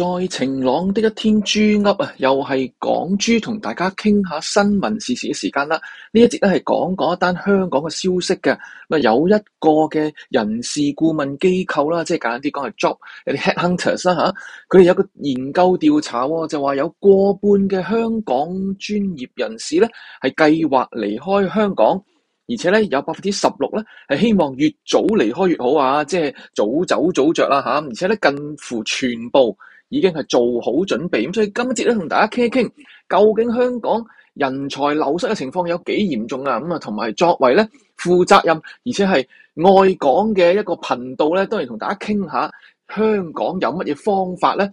在晴朗的一天，豬鴨啊，又係講豬同大家傾下新聞時事嘅時間啦。呢一節咧係講嗰一單香港嘅消息嘅。咁啊，有一個嘅人事顧問機構啦，即係簡單啲講係 job，有啲 headhunters 啦、啊、嚇。佢哋有個研究調查喎，就話有過半嘅香港專業人士咧係計劃離開香港，而且咧有百分之十六咧係希望越早離開越好啊，即係早走早着啦嚇、啊。而且咧近乎全部。已經係做好準備，咁所以今集咧同大家傾一傾，究竟香港人才流失嘅情況有幾嚴重啊？咁、嗯、啊，同埋作為咧負責任而且係愛港嘅一個頻道咧，當然同大家傾下香港有乜嘢方法咧，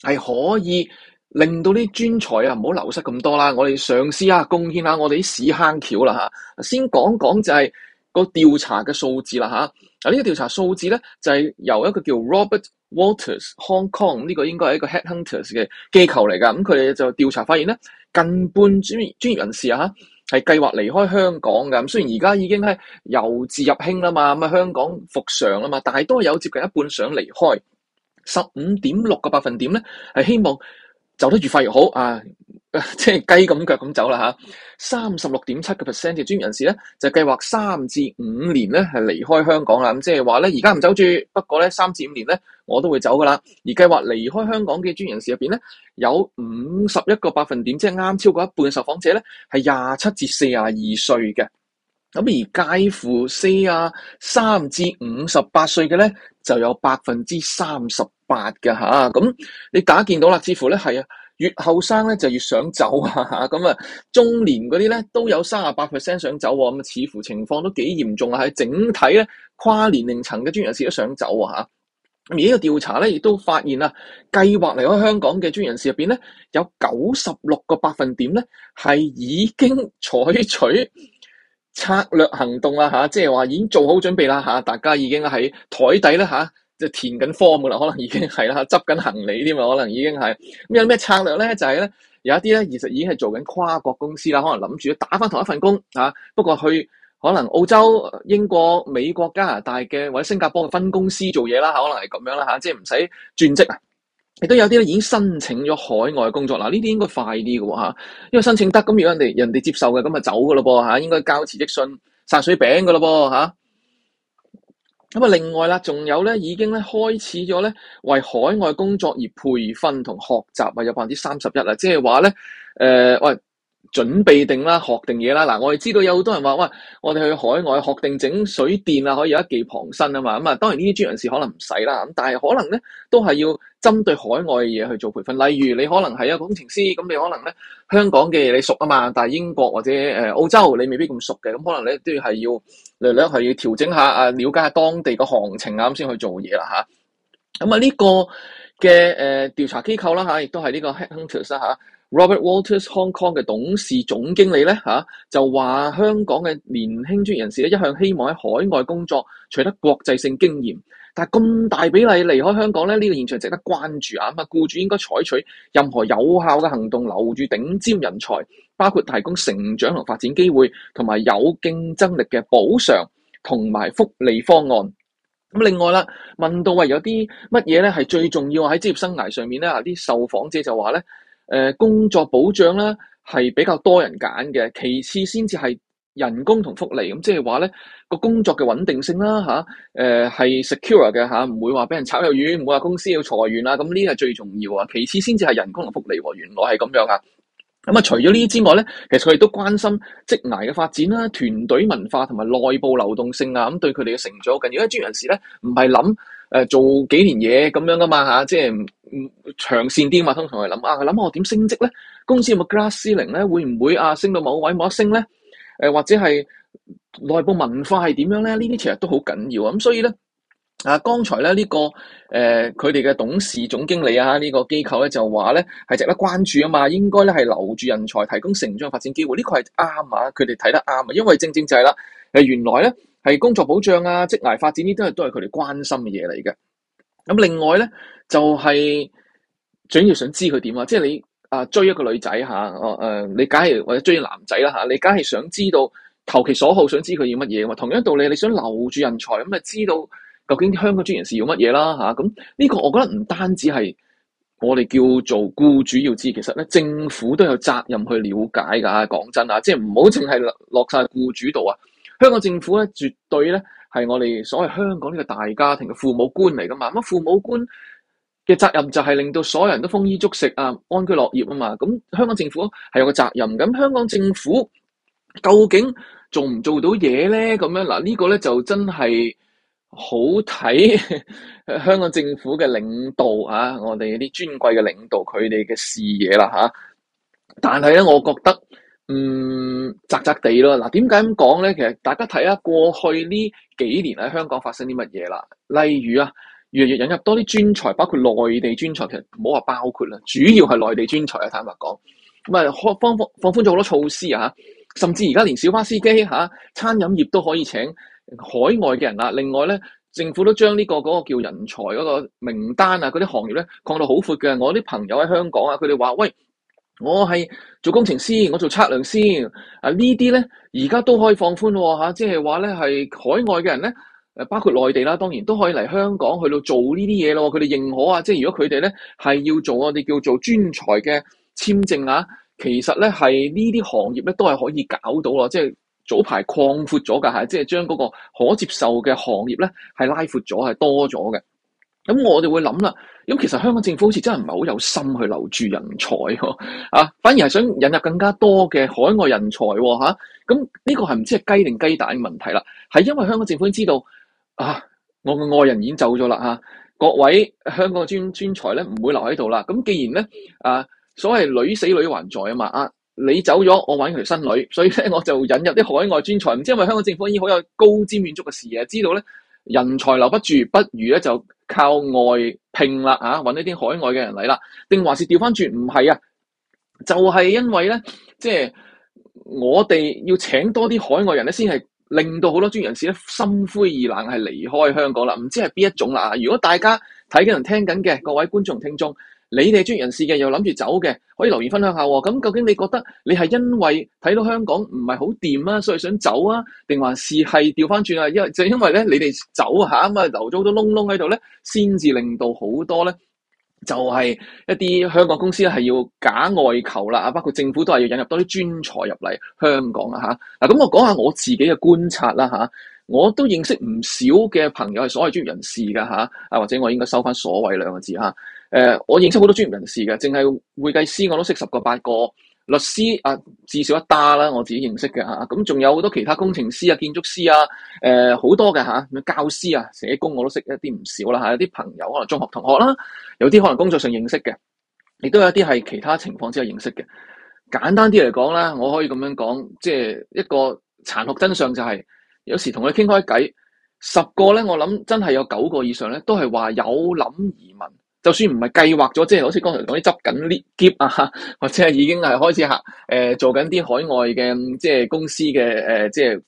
係可以令到啲專才啊唔好流失咁多啦。我哋上司啊，貢獻下、啊、我哋啲屎坑橋啦吓。先講講就係個調查嘅數字啦吓。啊，呢個調查數字咧就係、是、由一個叫 Robert。Waters Hong Kong 呢個應該係一個 Headhunters 嘅機構嚟㗎，咁佢哋就調查發現咧，近半專業專業人士啊，係計劃離開香港嘅。咁、嗯、雖然而家已經係由治入興啦嘛，咁啊香港復常啦嘛，但係都有接近一半想離開，十五點六個百分點咧，係希望走得越快越好啊。即係雞咁腳咁走啦、啊、吓，三十六點七個 percent 嘅專業人士咧，就計劃三至五年咧係離開香港啦。咁即係話咧，而家唔走住，不過咧三至五年咧，我都會走噶啦。而計劃離開香港嘅專業人士入邊咧，有五十一個百分點，即係啱超過一半受訪者咧係廿七至四十二歲嘅。咁而介乎四十三至五十八歲嘅咧，就有百分之三十八嘅吓。咁、啊、你打見到啦，似乎咧係啊。越後生咧就越想走啊，咁啊中年嗰啲咧都有三十八 percent 想走喎，咁啊似乎情況都幾嚴重啊，喺整體咧跨年齡層嘅專業人士都想走啊，吓咁而呢個調查咧亦都發現啦，計劃離開香港嘅專業人士入邊咧有九十六個百分點咧係已經採取策略行動啦，吓即係話已經做好準備啦，吓大家已經喺台底呢。吓。即係填緊 form 嘅啦，可能已經係啦，執緊行李添嘛，可能已經係咁。有咩策略咧？就係咧，有一啲咧，其實已經係做緊跨國公司啦，可能諗住打翻同一份工啊。不過去可能澳洲、英國、美國、加拿大嘅或者新加坡嘅分公司做嘢啦，可能係咁樣啦嚇，即係唔使轉職啊。亦都有啲咧已經申請咗海外工作，啦呢啲應該快啲嘅喎嚇，因為申請得咁如果人哋人哋接受嘅，咁咪走㗎咯噃嚇，應該交辭職信、散水餅嘅咯噃嚇。咁啊，另外啦，仲有咧，已經咧開始咗咧，為海外工作而培訓同學習啊，有百分之三十一啦，即係話咧，誒、就是呃、喂。準備定啦，學定嘢啦。嗱，我哋知道有好多人話，喂，我哋去海外學定整水電啊，可以有一技傍身啊嘛。咁啊，當然呢啲專業人士可能唔使啦。咁但係可能咧，都係要針對海外嘅嘢去做培訓。例如你可能係一個工程師，咁你可能咧香港嘅嘢你熟啊嘛，但係英國或者澳洲你未必咁熟嘅。咁可能你都要係要略略係調整下啊，瞭解下當地嘅行情啊，咁先去做嘢啦吓，咁、呃、啊，呢個嘅誒調查機構啦吓，亦都係呢個、Head、Hunters、啊 Robert Walters Hong Kong 嘅董事總經理咧吓，就話香港嘅年輕專業人士咧一向希望喺海外工作，取得國際性經驗。但係咁大比例離開香港咧，呢個現場值得關注啊！咁啊，僱主應該採取任何有效嘅行動留住頂尖人才，包括提供成長同發展機會，同埋有競爭力嘅補償同埋福利方案。咁另外啦，問到話有啲乜嘢咧係最重要喺職業生涯上面咧，啊啲受訪者就話咧。誒、呃，工作保障啦係比較多人揀嘅，其次先至係人工同福利，咁即係話咧個工作嘅穩定性啦，吓、啊，誒係 secure 嘅吓，唔、啊、會話俾人炒魷魚，唔會話公司要裁員啦，咁呢啲係最重要啊。其次先至係人工同福利，啊、原來係咁樣啊。咁啊，除咗呢啲之外咧，其實佢哋都關心職涯嘅發展啦、團隊文化同埋內部流動性啊，咁、啊、對佢哋嘅成長更加重要。因啲專業人士咧唔係諗誒做幾年嘢咁樣噶嘛吓，即、啊、係。啊就是長線啲嘛，通常係諗啊，諗我點升職咧？公司有冇 glass ceiling 咧？會唔會啊升到某位冇得升咧？誒、呃，或者係內部文化係點樣咧？呢啲其實都好緊要啊！咁所以咧，啊剛才咧呢、這個誒佢哋嘅董事總經理啊、這個、機呢個機構咧就話咧係值得關注啊嘛，應該咧係留住人才，提供成長發展機會，呢個係啱啊！佢哋睇得啱啊，因為正正就係啦，誒原來咧係工作保障啊、職涯發展呢啲都係都係佢哋關心嘅嘢嚟嘅。咁另外咧，就係最緊要想知佢點啊，即係你啊追一個女仔嚇，哦、啊、你梗係或者追男仔啦、啊、你梗係想知道投其所好，想知佢要乜嘢嘛，同樣道理，你想留住人才，咁啊知道究竟香港專業人士要乜嘢啦吓？咁呢個我覺得唔單止係我哋叫做僱主要知，其實咧政府都有責任去了解㗎。講真啊，即係唔好淨係落晒僱主度啊！香港政府咧，絕對咧。係我哋所謂香港呢個大家庭嘅父母官嚟㗎嘛？咁父母官嘅責任就係令到所有人都豐衣足食啊、安居樂業啊嘛。咁香港政府係有個責任，咁香港政府究竟做唔做到嘢咧？咁樣嗱，這個、呢個咧就真係好睇香港政府嘅領導啊，我哋啲尊貴嘅領導佢哋嘅視野啦吓。但係咧，我覺得。嗯，窄窄地咯。嗱，點解咁講咧？其實大家睇下過去呢幾年喺香港發生啲乜嘢啦。例如啊，越嚟越引入多啲專才，包括內地專才。其實唔好話包括啦，主要係內地專才啊。坦白講，咁啊，開放放寬咗好多措施啊。吓，甚至而家連小巴司機吓、啊，餐飲業都可以請海外嘅人啦、啊。另外咧，政府都將呢個嗰個叫人才嗰個名單啊，嗰啲行業咧擴到好闊嘅。我啲朋友喺香港啊，佢哋話喂。我係做工程師，我做測量師啊呢啲咧，而家都可以放寬吓、哦，即係話咧係海外嘅人咧，誒包括內地啦，當然都可以嚟香港去到做呢啲嘢咯。佢哋認可啊，即係如果佢哋咧係要做我哋叫做專才嘅簽證啊，其實咧係呢啲行業咧都係可以搞到咯。即係早排擴闊咗噶，係即係將嗰個可接受嘅行業咧係拉闊咗，係多咗嘅。咁我哋會諗啦，咁其實香港政府好似真係唔係好有心去留住人才喎，啊，反而係想引入更加多嘅海外人才喎，咁、啊、呢個係唔知係雞定雞蛋問題啦，係因為香港政府知道啊，我嘅愛人已經走咗啦，嚇，各位香港嘅專專才咧唔會留喺度啦。咁既然咧啊，所謂女死女還在啊嘛，啊，你走咗，我揾條新女，所以咧我就引入啲海外專才。唔知因為香港政府已經好有高瞻遠矚嘅視野，知道咧人才留不住，不如咧就。靠外聘啦，啊，揾一啲海外嘅人嚟啦，定還是掉返轉唔係啊？就係、是、因為咧，即、就、係、是、我哋要請多啲海外人咧，先係令到好多專業人士咧心灰意冷，係離開香港啦。唔知係邊一種啦、啊？如果大家睇緊同聽緊嘅各位觀眾聽眾。你哋專業人士嘅又諗住走嘅，可以留言分享下。咁究竟你覺得你係因為睇到香港唔係好掂啊，所以想走啊？定話是係調翻轉啊？因為就因為咧，你哋走下咁嘛，留咗好多窿窿喺度咧，先至令到好多咧，就係、是、一啲香港公司係要假外求啦。啊，包括政府都係要引入多啲專才入嚟香港啊。吓、啊、嗱，咁、啊、我講下我自己嘅觀察啦。吓、啊，我都認識唔少嘅朋友係所謂專業人士嘅吓，啊或者我應該收翻所謂兩個字吓。啊誒、呃，我認識好多專業人士嘅，淨係會計師我都識十個八個，律師啊至少一打啦，我自己認識嘅吓，咁、啊、仲有好多其他工程師啊、建築師啊，誒好多嘅吓、啊，教師啊、社工我都識一啲唔少啦吓、啊，有啲朋友可能中學同學啦，有啲可能工作上認識嘅，亦都有一啲係其他情況之下認識嘅。簡單啲嚟講啦，我可以咁樣講，即、就、係、是、一個殘酷真相就係、是，有時同你傾開偈，十個咧我諗真係有九個以上咧都係話有諗移民。就算唔係計劃咗，即係好似剛才講啲執緊呢攪啊，或者係已經係開始嚇誒、呃、做緊啲海外嘅即係公司嘅誒、呃啊啊，即係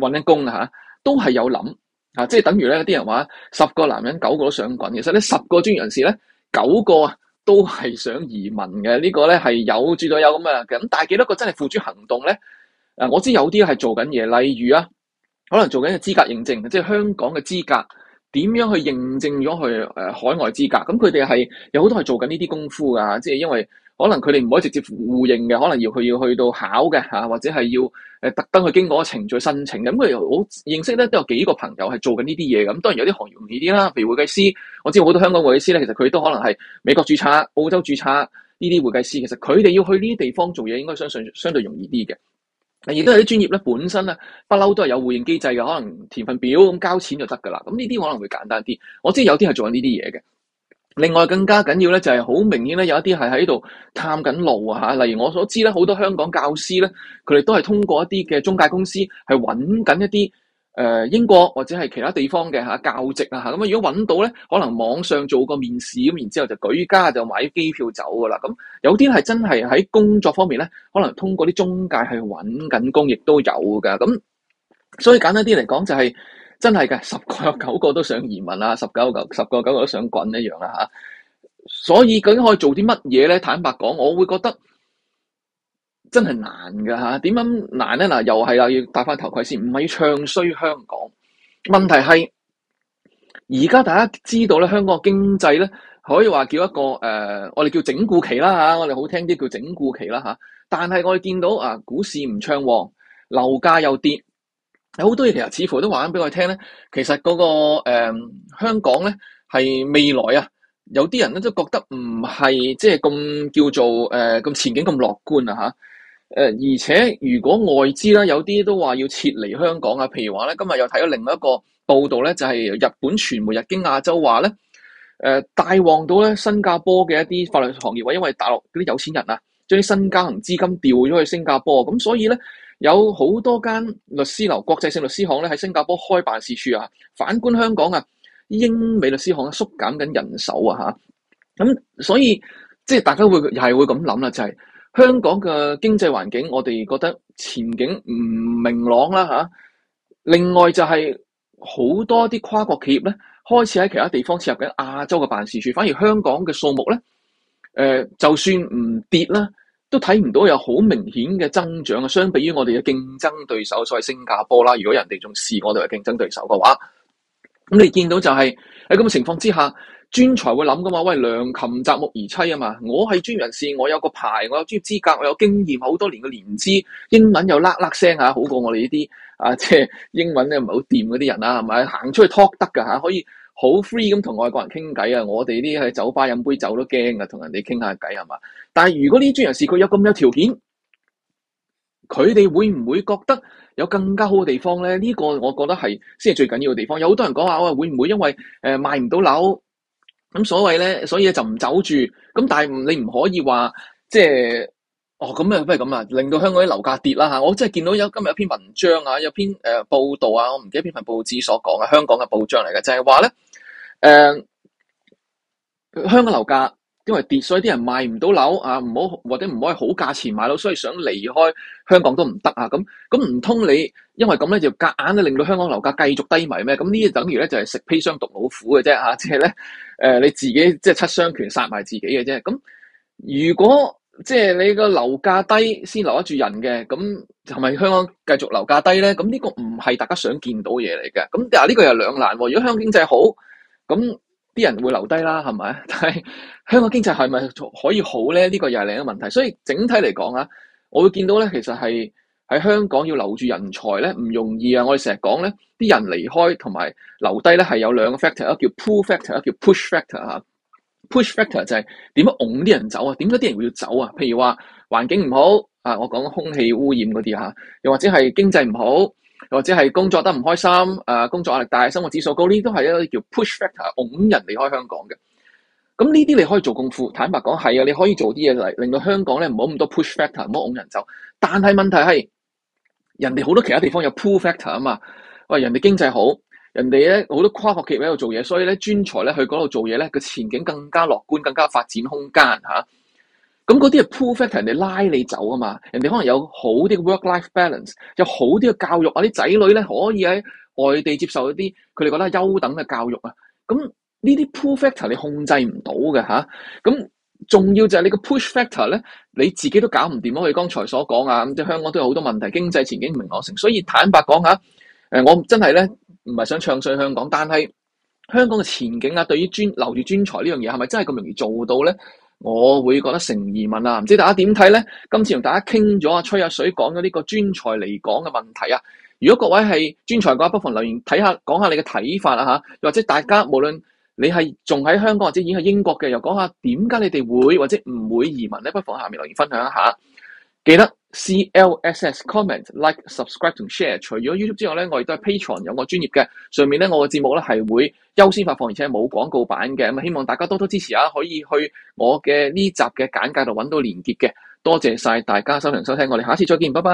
揾緊工嚇，都係有諗嚇，即係等於咧啲人話十個男人九個都想滾，其實呢十個專業人士咧九個都係想移民嘅，這個、呢個咧係有至少有咁啊。咁但係幾多個真係付諸行動咧？啊，我知有啲係做緊嘢，例如啊，可能做緊嘅資格認證，即係香港嘅資格。點樣去認證咗去海外資格？咁佢哋係有好多係做緊呢啲功夫㗎，即係因為可能佢哋唔可以直接互認嘅，可能要去要去到考嘅嚇，或者係要特登去經過程序申請嘅。咁我又好認識咧，都有幾個朋友係做緊呢啲嘢咁。當然有啲行業容易啲啦，譬如會計師。我知道好多香港會計師咧，其實佢都可能係美國註冊、澳洲註冊呢啲會計師。其實佢哋要去呢啲地方做嘢，應該相信相對容易啲嘅。亦都係啲專業咧，本身咧不嬲都係有回應機制嘅，可能填份表咁交錢就得噶啦。咁呢啲可能會簡單啲。我知有啲係做緊呢啲嘢嘅。另外更加緊要咧，就係好明顯咧，有一啲係喺度探緊路啊。例如我所知咧，好多香港教師咧，佢哋都係通過一啲嘅中介公司，係揾緊一啲。誒，英國或者係其他地方嘅吓教職啊吓，咁啊如果揾到咧，可能網上做個面試，咁然之後就舉家就買機票走噶啦。咁有啲係真係喺工作方面咧，可能通過啲中介去揾緊工，亦都有噶。咁所以簡單啲嚟講，就係真係嘅，十個有九個都想移民啦，十九九十個九個都想滾一樣啦吓。所以究竟可以做啲乜嘢咧？坦白講，我會覺得。真係難噶吓，點樣難咧？嗱，又係啊，要戴翻頭盔先，唔係要唱衰香港。問題係，而家大家知道咧，香港嘅經濟咧，可以話叫一個誒，我哋叫整固期啦吓，我哋好聽啲叫整固期啦吓。但係我哋見到啊，股市唔暢旺，樓價又跌，有好多嘢，其實似乎都話緊俾我聽咧。其實嗰個誒香港咧係未來啊，有啲人咧都覺得唔係即係咁叫做誒咁前景咁樂觀啊吓。誒，而且如果外資啦，有啲都話要撤離香港啊。譬如話咧，今日又睇咗另一個報道咧，就係日本傳媒日經亞洲話咧，誒，帶旺到咧新加坡嘅一啲法律行業啊，因為大陸啲有錢人啊，將啲新加行資金調咗去新加坡，咁所以咧，有好多間律師樓、國際性律師行咧喺新加坡開辦事處啊。反觀香港啊，英美律師行縮減緊人手啊，吓。咁所以即係大家會係會咁諗啦，就係。香港嘅經濟環境，我哋覺得前景唔明朗啦嚇、啊。另外就係好多啲跨國企業咧，開始喺其他地方設立緊亞洲嘅辦事處，反而香港嘅數目咧，誒、呃、就算唔跌啦，都睇唔到有好明顯嘅增長啊！相比於我哋嘅競爭對手，所謂新加坡啦，如果人哋仲視我哋為競爭對手嘅話，咁你見到就係、是。喺咁嘅情況之下，專才會諗噶嘛？喂，良禽擇木而棲啊嘛！我係專業人士，我有個牌，我有專業資格，我有經驗，好多年嘅年資，英文又喇喇聲嚇、啊，好過我哋呢啲啊，即、就、係、是、英文咧唔係好掂嗰啲人啦、啊，係咪？行出去 talk 得噶嚇，可以好 free 咁同外國人傾偈啊！我哋啲喺酒吧飲杯酒都驚噶，同人哋傾下偈係嘛？但係如果呢啲專業人士佢有咁有條件，佢哋會唔會覺得？有更加好嘅地方咧，呢個我覺得係先係最緊要嘅地方。有好多人講話，哇會唔會因為誒賣唔到樓咁所謂咧，所以就唔走住咁，但係你唔可以話即係哦咁啊，都係咁啊，令到香港啲樓價跌啦嚇！我真係見到有今日有篇文章啊，有篇誒、呃、報道啊，我唔記得邊份報紙所講嘅香港嘅報章嚟嘅就係話咧誒，香港樓價。因為跌，所以啲人賣唔到樓啊，唔好或者唔可以好價錢買樓，所以想離開香港都唔得啊。咁咁唔通你因為咁咧，就夾硬咧令到香港樓價繼續低迷咩？咁呢啲等於咧就係食砒霜毒老虎嘅啫吓，即係咧誒你自己即係七雙拳殺埋自己嘅啫。咁如果即係你個樓價低先留得住人嘅，咁係咪香港繼續樓價低咧？咁呢個唔係大家想見到嘢嚟嘅。咁嗱呢個又兩難。如果香港經濟好，咁。啲人會留低啦，係咪？但係香港經濟係咪可以好咧？呢個又係另一個問題。所以整體嚟講啊，我會見到咧，其實係喺香港要留住人才咧唔容易啊！我哋成日講咧，啲人離開同埋留低咧係有兩個 factor，一個叫 pull factor，一個叫 push factor 嚇。push factor 就係點樣拱啲人走啊？點解啲人會要走啊？譬如話環境唔好啊，我講空氣污染嗰啲嚇，又或者係經濟唔好。或者係工作得唔開心，誒工作壓力大，生活指數高，呢啲都係一個叫 push factor，拱人離開香港嘅。咁呢啲你可以做功夫。坦白講係啊，你可以做啲嘢嚟令到香港咧唔好咁多 push factor，唔好拱人走。但係問題係，人哋好多其他地方有 pull factor 啊嘛。喂，人哋經濟好，人哋咧好多跨國企業喺度做嘢，所以咧專才咧去嗰度做嘢咧個前景更加樂觀，更加發展空間嚇。咁嗰啲係 pull factor 人哋拉你走啊嘛，人哋可能有好啲嘅 work life balance，有好啲嘅教育啊，啲仔女咧可以喺外地接受一啲佢哋覺得優等嘅教育啊。咁呢啲 pull factor 你控制唔到嘅吓。咁、啊、仲要就係你個 push factor 咧，你自己都搞唔掂咯。哋剛才所講啊，咁即香港都有好多問題，經濟前景唔明朗成。所以坦白講吓，我真係咧唔係想唱衰香港，但係香港嘅前景啊，對於專留住專才呢樣嘢係咪真係咁容易做到咧？我會覺得成疑問啊，唔知大家點睇咧？今次同大家傾咗啊，吹下水，講咗呢個專才嚟講嘅問題啊。如果各位係專才嘅話，不妨留言睇下，講下你嘅睇法啊吓。又或者大家無論你係仲喺香港或者已經喺英國嘅，又講下點解你哋會或者唔會移民咧？不妨下面留言分享一下。記得。C L S S comment like subscribe 同 share。除咗 YouTube 之外咧，我亦都係 Patreon 有我專業嘅上面咧，我嘅節目咧係會優先發放，而且冇廣告版嘅咁啊，希望大家多多支持啊！可以去我嘅呢集嘅簡介度揾到連結嘅，多謝晒大家收聽收聽，我哋下次再見，拜拜。